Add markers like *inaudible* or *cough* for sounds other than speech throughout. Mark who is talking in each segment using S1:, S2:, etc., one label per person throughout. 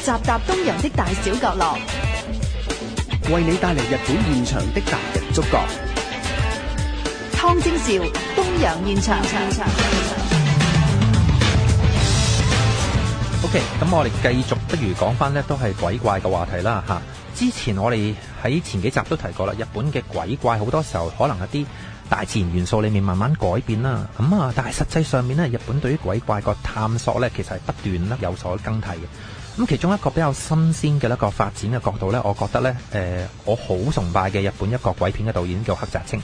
S1: 集沓東洋的大小角落，為你帶嚟日本現場的達人觸覺湯禎兆東洋現場。OK，咁我哋繼續，不如講翻咧，都係鬼怪嘅話題啦。吓，之前我哋喺前幾集都提過啦，日本嘅鬼怪好多時候可能一啲大自然元素裏面慢慢改變啦。咁、嗯、啊，但係實際上面呢，日本對於鬼怪個探索呢，其實係不斷咧有所更替嘅。咁其中一個比較新鮮嘅一個發展嘅角度呢，我覺得呢，誒、呃，我好崇拜嘅日本一個鬼片嘅導演叫黑澤清。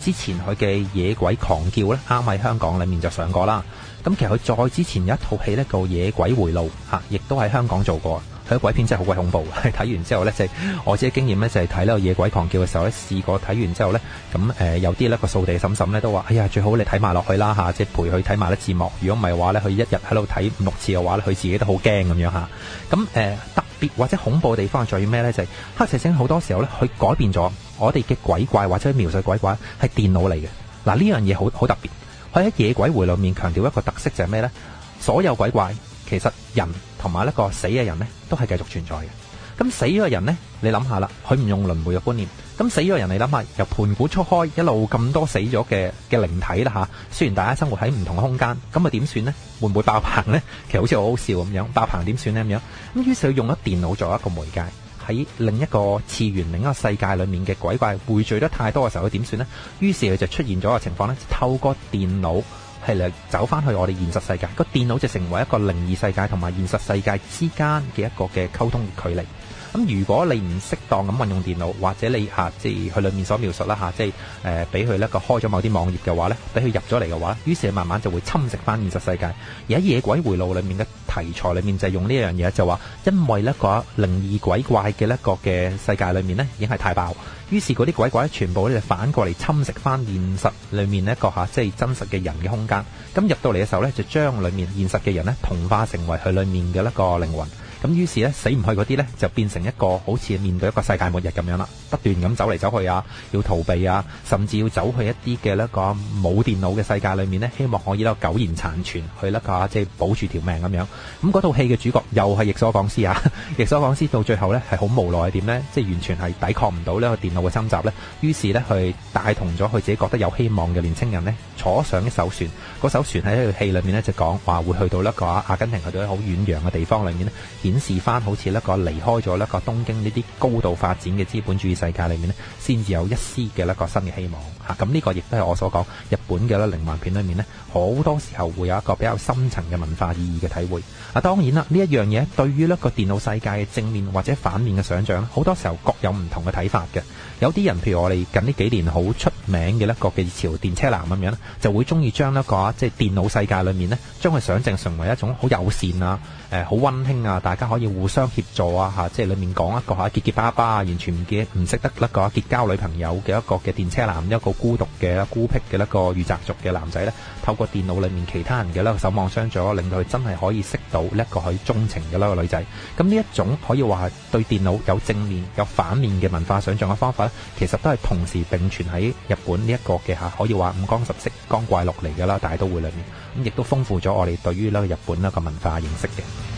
S1: 之前佢嘅《野鬼狂叫》呢，啱喺香港裡面就上過啦。咁其實佢再之前有一套戲呢，叫《野鬼回路》，嚇，亦都喺香港做過。睇鬼片真係好鬼恐怖，睇 *laughs* 完之後呢，就係、我自己經驗呢，就係睇呢個野鬼狂叫嘅時候咧，試過睇完之後呢，咁誒、呃、有啲咧個掃地嬸嬸呢，都話：哎呀，最好你睇埋落去啦嚇，即、啊、係、就是、陪佢睇埋啲字幕。如果唔係話呢，佢一日喺度睇五六次嘅話咧，佢自己都好驚咁樣嚇。咁、啊、誒特別或者恐怖嘅地方在於咩呢？就係、是、黑蛇星好多時候呢，佢改變咗我哋嘅鬼怪或者描述鬼怪係電腦嚟嘅。嗱、啊、呢樣嘢好好特別。佢喺《野鬼回》裏面強調一個特色就係咩呢？所有鬼怪其實人。同埋呢個死嘅人呢，都係繼續存在嘅。咁死咗嘅人呢，你諗下啦，佢唔用輪迴嘅觀念。咁死咗嘅人，你諗下，由盤古初開一路咁多死咗嘅嘅靈體啦吓、啊，雖然大家生活喺唔同空間，咁啊點算呢？會唔會爆棚呢？其實好似好好笑咁樣，爆棚點算呢？咁樣。咁於是佢用咗電腦做一個媒介，喺另一個次元、另一個世界裏面嘅鬼怪匯聚得太多嘅時候，佢點算呢？於是佢就出現咗一個情況呢，透過電腦。係嚟走翻去我哋現實世界，個電腦就成為一個靈異世界同埋現實世界之間嘅一個嘅溝通距離。咁如果你唔適當咁運用電腦，或者你嚇、啊、即係去裏面所描述啦嚇、啊，即係誒俾佢咧個開咗某啲網頁嘅話咧，俾佢入咗嚟嘅話，於是慢慢就會侵蝕翻現實世界。而喺夜鬼回路裏面嘅。題材裏面就係用呢樣嘢，就話因為呢個靈異鬼怪嘅呢個嘅世界裏面呢，已經係太爆，於是嗰啲鬼怪全部咧就反過嚟侵蝕翻現實裏面呢個吓即係真實嘅人嘅空間，咁入到嚟嘅時候呢，就將裏面現實嘅人呢，同化成為佢裏面嘅一個靈魂。咁於是咧死唔去嗰啲咧就變成一個好似面對一個世界末日咁樣啦，不斷咁走嚟走去啊，要逃避啊，甚至要走去一啲嘅咧個冇電腦嘅世界裏面咧，希望可以咧苟延殘存去咧個即係保住條命咁樣。咁嗰套戲嘅主角又係役所廣司啊，役所廣司到最後咧係好無奈點咧，即係完全係抵抗唔到呢個電腦嘅侵襲咧。於是咧佢帶同咗佢自己覺得有希望嘅年青人咧。坐上一艘船，嗰艘船喺呢個戲裏面呢，就講話會去到，去到一個阿根廷嗰啲好遠洋嘅地方裏面呢，顯示翻好似一個離開咗一個東京呢啲高度發展嘅資本主義世界裏面呢，先至有一絲嘅一個新嘅希望吓。咁，啊，呢個亦都係我所講日本嘅靈魂片裏面呢，好多時候會有一個比較深層嘅文化意義嘅體會啊，當然啦，呢一樣嘢對於呢個電腦世界嘅正面或者反面嘅想象，好多時候各有唔同嘅睇法嘅。有啲人譬如我哋近呢幾年好出名嘅呢個熱潮《電車男》咁樣。就會中意將一個即係電腦世界裏面咧，將佢想像成為一種好友善啊，誒好温馨啊，大家可以互相協助啊嚇。即係裏面講一個嚇結結巴巴完全唔見唔識得一個嚇結交女朋友嘅一個嘅電車男，一個孤獨嘅孤僻嘅一個御宅族嘅男仔呢，透過電腦裏面其他人嘅咧，守望相助，令到佢真係可以識到一個可以鍾情嘅一個女仔。咁呢一種可以話係對電腦有正面有反面嘅文化想像嘅方法咧，其實都係同時並存喺日本呢、這、一個嘅嚇，可以話五光十色。江怪落嚟嘅啦，大都會裏面，咁亦都豐富咗我哋對於呢日本呢個文化認識嘅。